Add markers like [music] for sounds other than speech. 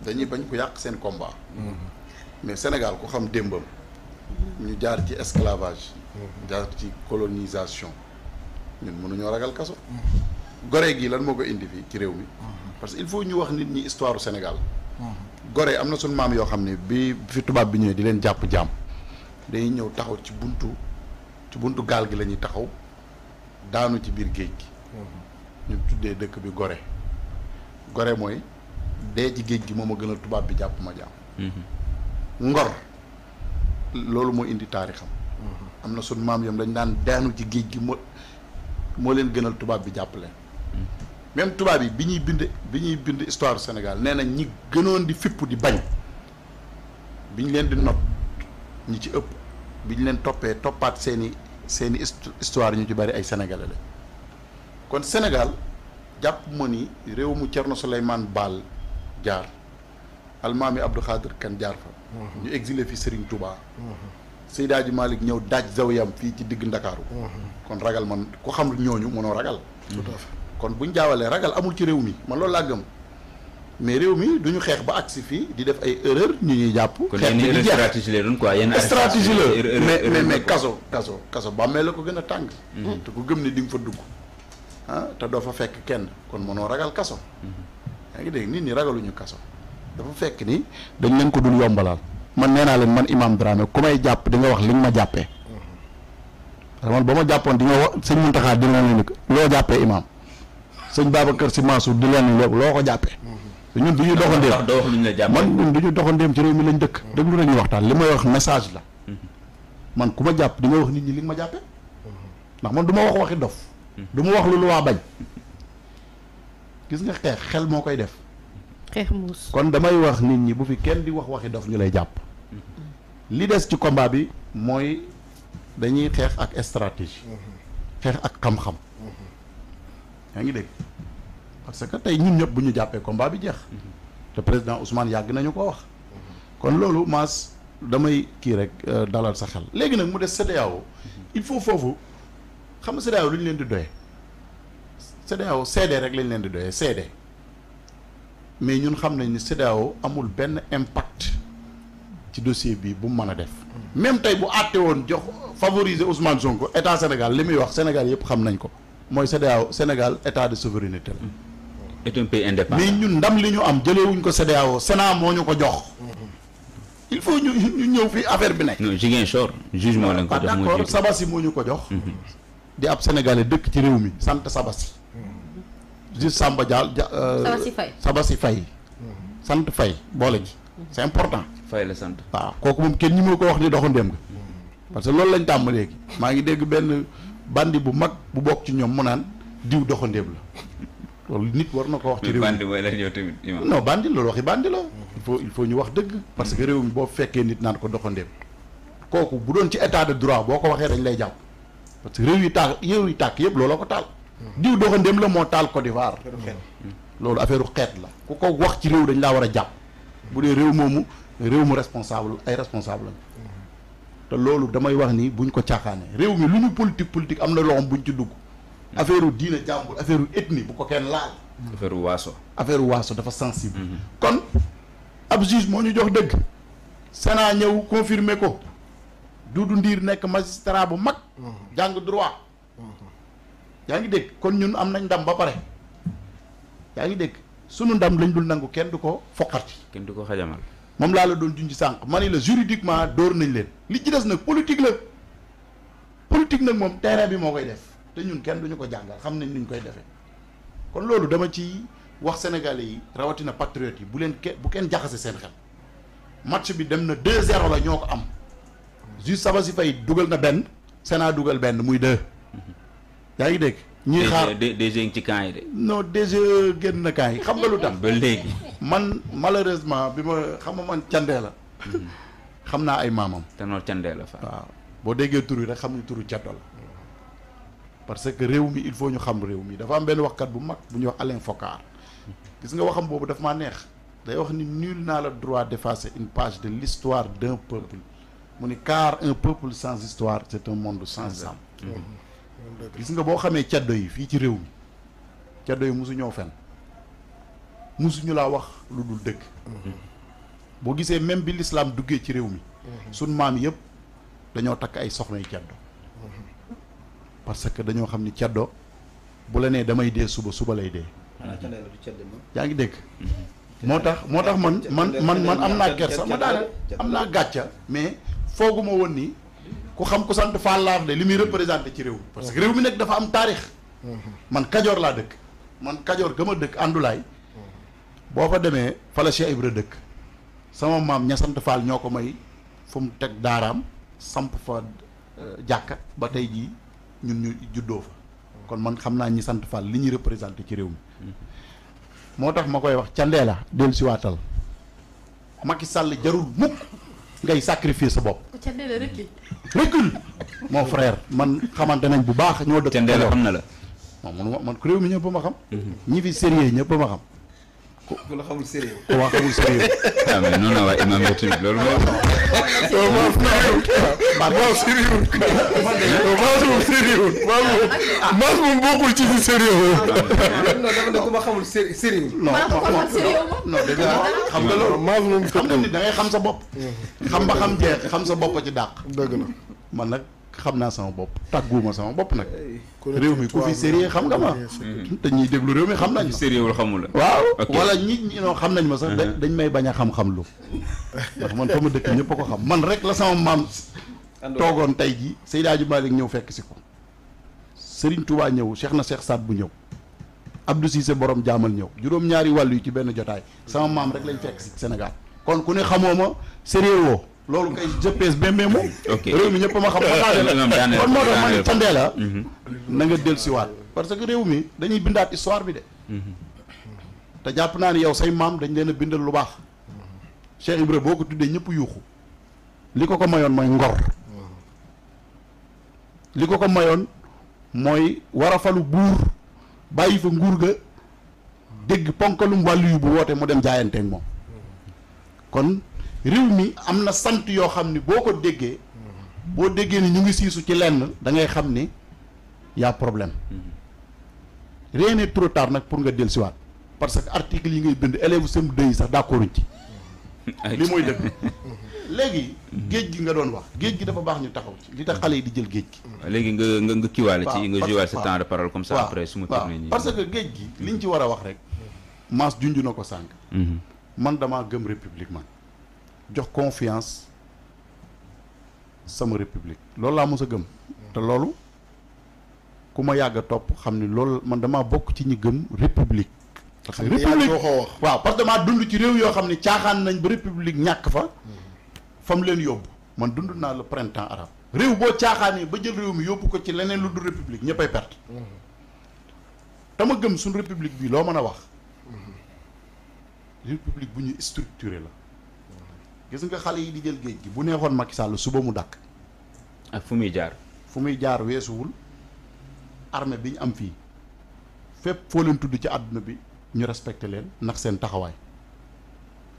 dañuy bañ ko yàq seen combat. mais Sénégal ku xam démbam. ñu jaar ci esclavage. jaar ci colonisation. ñun mënuñoo ragal kaso. gore gi lan moo ko indi fii ci réew mi. parce que il faut ñu wax nit ñi histoire du Sénégal. gore am na suñu maam yoo xam ne bi fi tubaab bi ñëwee di leen jàpp jaam. dañuy ñëw taxaw ci buntu ci buntu gaal gi la ñuy taxaw daanu ci biir géej gi. Mm-hmm. ñu tuddee dëkk bi gore gore mooy. dee ci géej gi moom a gënal tubaab bi jàpp ma jaam mhm. ngor loolu moo indi taarixam mhm. am na sun maam yam dañ daan daanu ci géej gi moo moo leen gënal tubaab bi jàpp leen mhm. même tubaab yi bi ñuy bind bi ñuy bind histoire Sénégal nee na ñi gënoon di fipp di bañ bi ñu leen di nopp ñi ci ëpp bi ñu leen toppee toppaat seeni seeni histoire ñu ci bari ay sénégalais la kon Sénégal jàpp ma ni réew mu Thierno Souleymane Baal jaar almaami Abdou Khadir kenn jaar fa. Mhm. ñu exilé fi Serigne Touba. Mhm. Seydaaji Malick ñëw daaj zawiyam fii ci digg Ndakaaru. Mhm. kon ragal man ku xam ñooñu mënoo ragal. kon buñ jaawalee ragal amul ci réew mi man loolu laa gëm. mais réew mi duñu xeex ba agsi fii di def ay erreur ñu ñuy jàpp. xeex bi di jeex stratégie la la mais mais mais kaso kaso kaso bàmmee la ko gën a tàng. te ku gëm ne di nga fa dugg ah, te doo fa fekk kenn kon mënoo ragal kaso. yaa ngi nit ñi ragaluñu kaso dafa fekk ni dañ leen ko dul yombalal man nee naa leen man Imam Dramé ku may jàpp di nga wax li nga ma jàppee man ba ma jàppoon di nga wax sëñ Muntaxa di leen leen loo jàppee Imam sëñ Babacar Sy Mansour di leen loo ko jàppee. Mhm. ñun du ñu doxandeem man ñun du ñu doxandeem ci réew mi lañ dëkk. Mhm. déglu ñu waxtaan li may wax message la. Mhm. man ku ma jàpp di nga wax nit ñi li ma jàppee. ndax man du ma wax waxi dof. du ma wax lu lu waa bañ. gis nga xeex xel moo koy def. xeex muus kon damay wax nit ñi bu fi kenn di wax waxi dof ñu lay jàpp. li des ci combat bi mooy dañuy xeex ak stratégie. xeex ak xam-xam. yaa ngi dégg parce que tey ñun ñëpp bu ñu jàppee combat bi jeex. te président Ousmane yàgg nañu ko wax. kon loolu maas damay kii rek euh, dalal sa xel léegi nag mu des CEDEAO il faut foofu xam nga CEDEAO lu ñu leen di doyee. CEDEAO CD rek lañ leen di doyee CD mais ñun xam nañ ni CEDEAO amul benn impact ci dossier bi bu mu mën a def. même tey bu àtte woon jox favoriser Ousmane Sonko état Sénégal li muy wax Sénégal yëpp xam nañ ko mooy CEDEAO Sénégal état de souveraineté la. est un pays mais ñun ndam li ñu am jëlewuñ ko CEDEAO sena moo ñu ko jox. il faut ñu ñu ñëw fii affaire bi nekk. non Ziguinchor jugement lañ ko jox. d'accord Sabasi moo ñu ko jox. Mhm. di ab sénégalais dëkk ci réew mi sant Sabasi. juge Samba Dial euh, Sabassi Faye Sabassi Faye sant fay boole ji mm-hmm. sa important Faye la sant waaw kooku moom kenn ñi mu ko wax ni doxandéem mm-hmm. nga parce que loolu lañ tàmm léegi maa ngi dégg benn bandi bu mag bu bokk ci ñoom mu naan diw doxandéem la loolu nit war na ko wax ci réew mi bandi mooy la ñëw tamit non bandi loolu mm-hmm. il faut il faut ñu wax dëgg parce que réew mi boo fekkee nit naan ko doxandéem kooku bu doon ci état de droit boo ko waxee dañ lay jàpp parce que réew yi tàkk réew yi tàkk yëpp looloo ko taal diw doxandéem la moo taal Côte d'Ivoire loolu affaire xeet la ku ko wax ci réew dañ laa war a jàpp bu dee réew moomu réew mu responsable ay responsable la te loolu damay wax ni buñ ko caaxaane réew mi lu ñu politique politique am na loxoom buñ ci dugg affaire u diine jàmbur affaire u ethnie bu ko kenn laal affaire waaso affaire waaso dafa sensible mm-hmm. kon ab juge moo ñu jox dëgg Sénat ñëw confirmer ko Doudou Ndir nekk magistrat bu mag mm-hmm. jàng droit mm-hmm. yaa ngi dégg kon ñun am nañ ndam ba pare yaa ngi dégg sunu ndam lañ dul nangu kenn du ko foqati. kenn du ko xajamal. moom laa la doon junj sànq ma ne la juridiquement dóor nañ leen li ci des nag politique la politique nag moom terrain bi moo koy def te ñun kenn duñu ko jàngal xam nañ ñu koy defee kon loolu dama ci wax sénégalais yi rawatina patriotes yi bu leen ke bu kenn jaxase seen xel match bi dem na 2-0 la ñoo ko am. juste si Faye dugal na benn Sénat dugal benn muy yaa ngi dégg. ñuy xaar DG ngi ci camp yi de. non DG génn na camp yi xam nga lu tax. ba léegi man malheureusement bi ma xam nga man candee la. Mhm. xam naa ay maamam. te noo candee la fa. waaw boo déggee tur yi rek xam nga turu caddo la parce que réew mi il faut ñu xam réew mi dafa am benn waxkat bu mag bu ñuy wax Alain Focar gis nga waxam boobu dafa ma neex day wax ni nul n'a le droit d'effacer une page de l'histoire d'un peuple mu ni car un peuple sans histoire c'est un monde sans âme. gis nga boo xamee caddo yi fii ci réew mi caddo yi mosuñoo fen mosuñu laa wax lu dul dëgg boo gisee même bi lislaam duggee ci réew mi suñ maam yëpp dañoo takk ay soxna yu caddo parce que dañoo xam ni caddo bu la nee damay dee suba suba lay dee yaa ngi dégg moo tax moo tax man man man man am naa kersa ma daaneel am naa gàcca mais fooguma woon nii ku xam ku sant Fall laa de li muy représenté ci réew mi parce que réew mi nekk dafa am taarix man Kajoor laa dëkk man Kajoor gëm a dëkk àndulaay boo fa demee fa la Cheikh dëkk sama maam ña sant Fall ñoo ko may fu mu teg daaraam samp fa euh, jàkka ba tey jii ñun ñu juddoo fa kon man xam naa ñi sant Fall li ñuy représenté ci réew mi moo tax ma koy wax ca ndee la dellusiwaatal Macky Sall jarul mukk ngay sacrifier sa bopp. recul mon frère man xamante nañ bu baax ñoo dëkk. te xam na la. moom man réew mi ñëpp ma xam. Mhm. ñi fi sérieux ñëpp ma xam. ku la xamul sérieux. ku ma xamul sérieux. ah mais noonu la waa imam bi tamit loolu moo. waaw maa fi maa maa sérieux. maa moom sérieux maa moom. maa moom bokkul ci si sérieux. non dama ne ku ma xamul sérieux. non non dëgg la xam nga loolu maa moom. xam nga ni da ngay xam sa bopp. Mm-hmm. xam ba xam jeex xam sa bopp ci dàq. dëgg la man nag. xam naa sama bopp tàgguuma sama bopp nag. réew mi ku fi sérieux xam nga ma. te ñuy déglu réew mi xam nañ ma. sérieux wul xamul waaw wala ñi noo xam nañ ma sax. Uh-huh. dañ may bañ a xam-xam lu. ndax man fa ma dëkk ñëpp ko xam man rek la sama maam. toogoon tey jii Seydi Hadji ñëw fekk si ko. Serigne Touba ñëw Cheikh na Cheikh Saad bu ñëw. Abdou borom jaamal ñëw juróom-ñaari wàllu ci benn jotaay. sama maam rek lañ fekk si Sénégal kon ku ne xamoo ma sérieux loolu kay jëppees bembe réew mi ñëpp ma xam [laughs] ma kon la mhm. na nga del siwaat parce que réew mi dañuy bindaat histoire bi de mhm. te jàpp naa ni yow say maam dañ leen bindal lu baax Cheikh Ibra boo ko tuddee ñëpp yuuxu li ko ko mayoon mooy ngor li ko ko mayoon mooy war a falu buur bàyyi fa nguur ga dégg ponkalum wàllu yu bu woote mu dem jaayanteeg moom kon réew mi am na sant yoo xam ni boo ko déggee boo déggee ni ñu ngi siisu ci lenn da ngay xam ni yaa problème mm-hmm. rien n'est trop tard nag pour nga dellusiwaat parce que article yi ngay bind élèves sem 2 sax d'accorduñ ci mm-hmm. li mooy dëgg [laughs] mm-hmm. léegi géej gi nga doon wax géej gi dafa baax ñu taxaw ci li tax xale yi di jël géej gi léegi nga nga nga kiiwaale ci nga joué sa temps de parole comme ça après su ma tourné nii parce que géej gi liñ ci war a wax rek maas junj na ko sànq man damaa gëm république jox confiance sama république loolu laa mos a gëm te loolu ku ma yàgg a topp xam ni loolu man damaa bokk ci ñu gëm république république waaw parce que damaa dund ci réew yoo xam ne caaxaan nañ ba république ñàkk fa mm-hmm. fam leen yóbbu man dund naa le printemps arabe réew boo caaxaanee ba jël réew mi yóbbu ko ci leneen lu du république ñëppay perte mm-hmm. dama gëm suñu république bi loo mën a wax mm-hmm. république bu ñu structuré la gis nga xale yi di jël géej gi bu neexoon Macky Sall suba mu dakk ak fu muy jaar fu muy jaar weesuwul armée bi ñu am fii fépp foo leen tudd ci àdduna bi ñu respecté leen ndax seen taxawaay